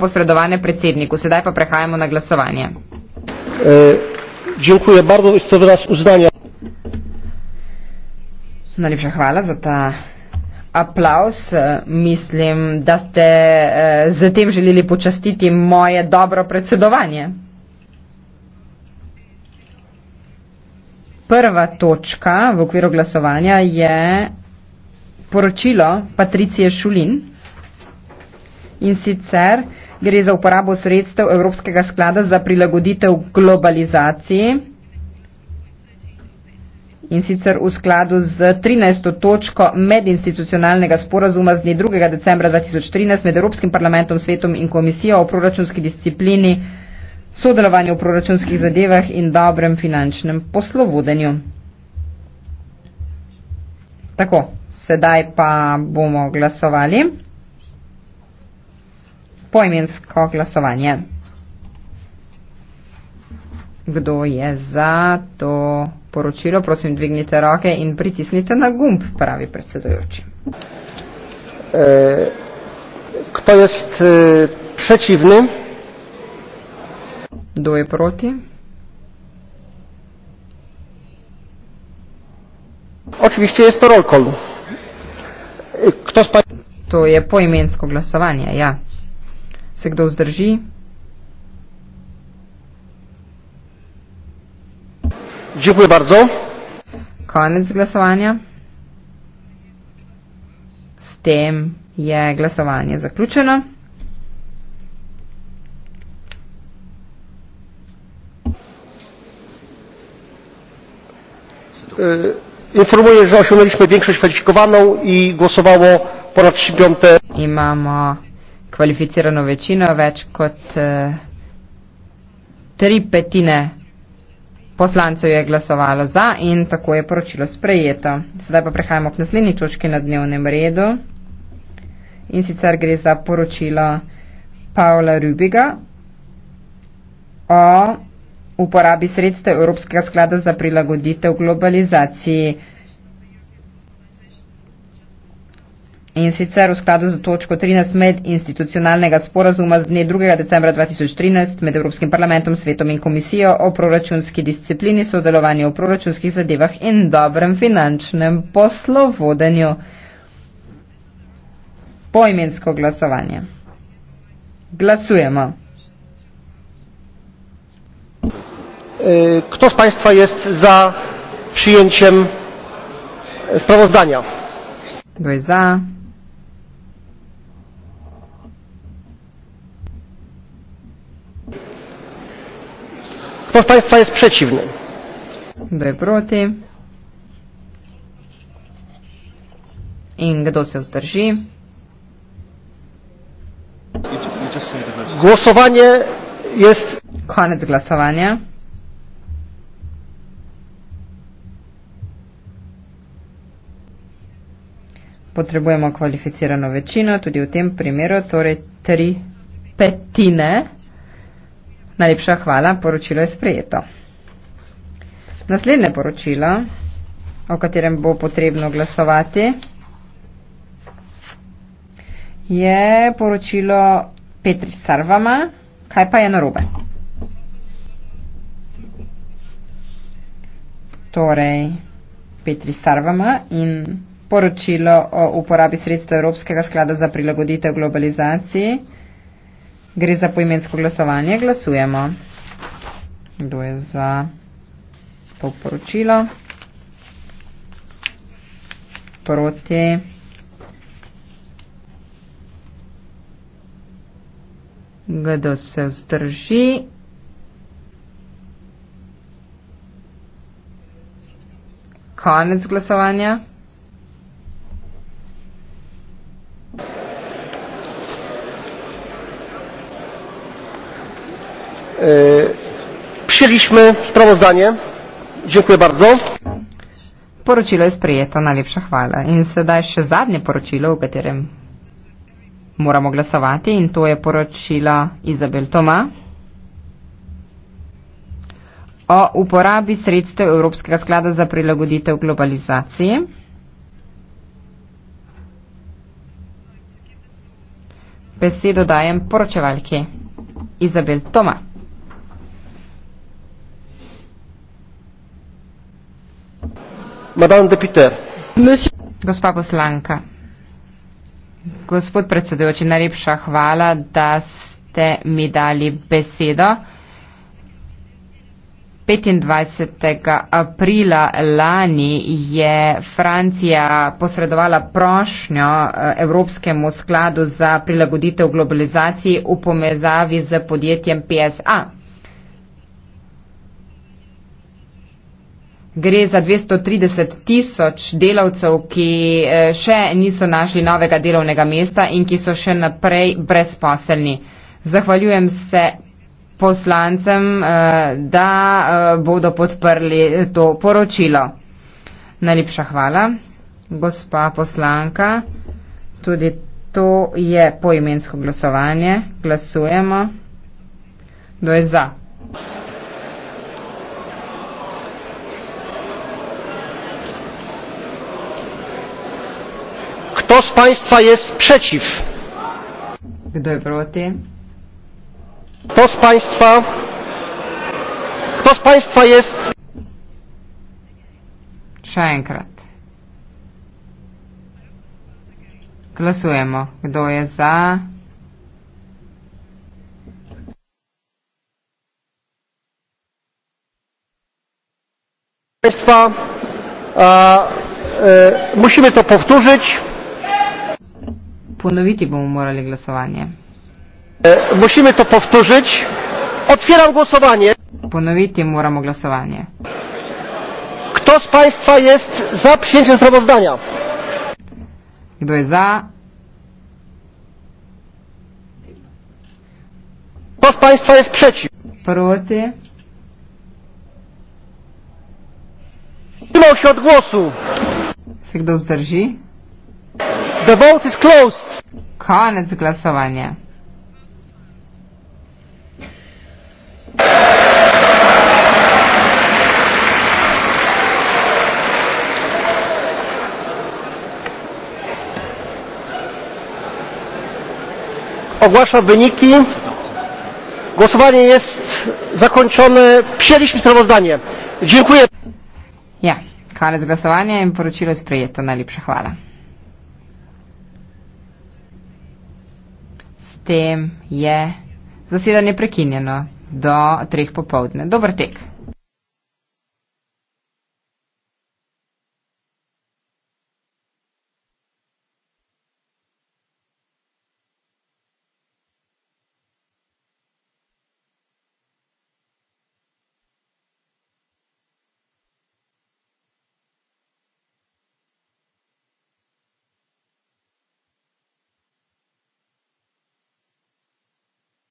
posredovane predsedniku. Sedaj pa prehajamo na glasovanje. E, bardzo, Najlepša hvala za ta aplaus. E, Mislim, da ste e, z tem želeli počastiti moje dobro predsedovanje. Prva točka v okviru glasovanja je poročilo Patricije Šulin in sicer gre za uporabo sredstev Evropskega sklada za prilagoditev globalizaciji in sicer v skladu z 13. točko medinstitucionalnega sporazuma z dne 2. decembra 2013 med Evropskim parlamentom, svetom in komisijo o proračunski disciplini, sodelovanju v proračunskih zadevah in dobrem finančnem poslovodenju. Tako, sedaj pa bomo glasovali poimensko glasovanje. Kdo je za to poročilo? Prosim, dvignite roke in pritisnite na gumb, pravi predsedujoči. E, kdo je e, prečivni? Kdo je proti? Očvišče je storolkol. E, kdo spaj? To je poimensko glasovanje, ja se kdo vzdrži. Dziękuję bardzo. Koniec glasovanja. S tem je glasovanje zaključeno. E, informuję, że osiągnęliśmy większość kwalifikowaną i głosowało ponad 35. I mamo kvalificirano večino, več kot uh, tri petine poslancev je glasovalo za in tako je poročilo sprejeto. Zdaj pa prehajamo k naslednji točki na dnevnem redu in sicer gre za poročilo Paula Rubiga o uporabi sredstev Evropskega sklada za prilagoditev globalizaciji. in sicer v skladu z točko 13 med institucionalnega sporazuma z dne 2. decembra 2013 med Evropskim parlamentom, svetom in komisijo o proračunski disciplini, sodelovanju v proračunskih zadevah in dobrem finančnem poslovodenju. Poimensko glasovanje. Glasujemo. E, kto z Państwa jest za przyjęciem sprawozdania? Kto jest za? Kto z Państwa jest przeciwny? Był protiv. I kto się zdrży? Głosowanie jest... Koniec głosowania. Potrebujemy kwalificiraną większość, tudi w tym przypadku, to 3 petine. Najlepša hvala, poročilo je sprejeto. Naslednje poročilo, o katerem bo potrebno glasovati, je poročilo Petri Sarvama. Kaj pa je narobe? Torej, Petri Sarvama in poročilo o uporabi sredstva Evropskega sklada za prilagoditev globalizaciji. Gre za poimensko glasovanje. Glasujemo. Kdo je za to poročilo? Proti. Kdo se vzdrži? Konec glasovanja. E, przyjęliśmy sprawozdanie. Dziękuję bardzo. Poročilo je sprejeto, najlepša hvala. In sedaj še zadnje poročilo, v katerem moramo glasovati, in to je poročilo Izabel Toma o uporabi sredstev Evropskega sklada za prilagoditev globalizaciji. Besedo dajem poročevalki Izabel Toma. Madame de Peter. Monsieur... Gospa poslanka, gospod predsedujoči, najlepša hvala, da ste mi dali besedo. 25. aprila lani je Francija posredovala prošnjo eh, Evropskemu skladu za prilagoditev globalizaciji v pomezavi z podjetjem PSA. Gre za 230 tisoč delavcev, ki eh, še niso našli novega delovnega mesta in ki so še naprej brezposelni. Zahvaljujem se poslancem, eh, da eh, bodo podprli to poročilo. Najlepša hvala, gospa poslanka. Tudi to je poimensko glasovanje. Glasujemo. Kdo je za? z państwa jest przeciw? Kdo je proti? Kto z państwa? Kto z państwa jest? Szajenkrat. Głosujemy. Kto jest za? państwa, a, e, musimy to powtórzyć ponoviti bomo morali glasovanje. E, musimy to powtórzyć. Otwieram głosowanie. Ponowiti moramo głosowanie. Kto z Państwa jest za przyjęciem sprawozdania? Kto jest za? Kto z Państwa jest przeciw? Proty. Wstrzymał się od głosu. Kto zdrży? The vote is closed. Koniec glasovanja. Ogłaszam wyniki. Głosowanie jest zakończone. Przyjęliśmy sprawozdanie. Dziękuję. Ja, koniec głosowania. Wrócili z projektu na lepsze chwale. tem je zasedanje prekinjeno do treh popovdne. Dobr tek.